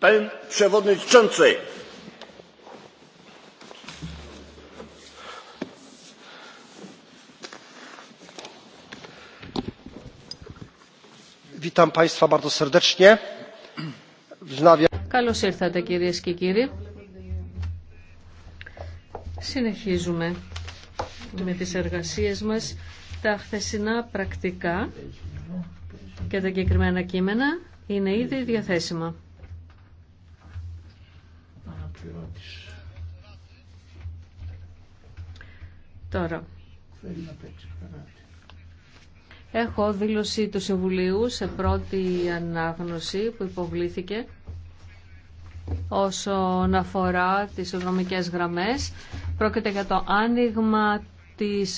Panie Przewodniczący! Witam Państwa bardzo serdecznie. Καλώς ήρθατε κυρίες και κύριοι. Συνεχίζουμε με τις εργασίες μας. Τα χθεσινά πρακτικά και τα εγκεκριμένα κείμενα είναι ήδη διαθέσιμα. Τώρα. Έχω δήλωση του Συμβουλίου σε πρώτη ανάγνωση που υποβλήθηκε όσον αφορά τις οικονομικές γραμμές. Πρόκειται για το άνοιγμα της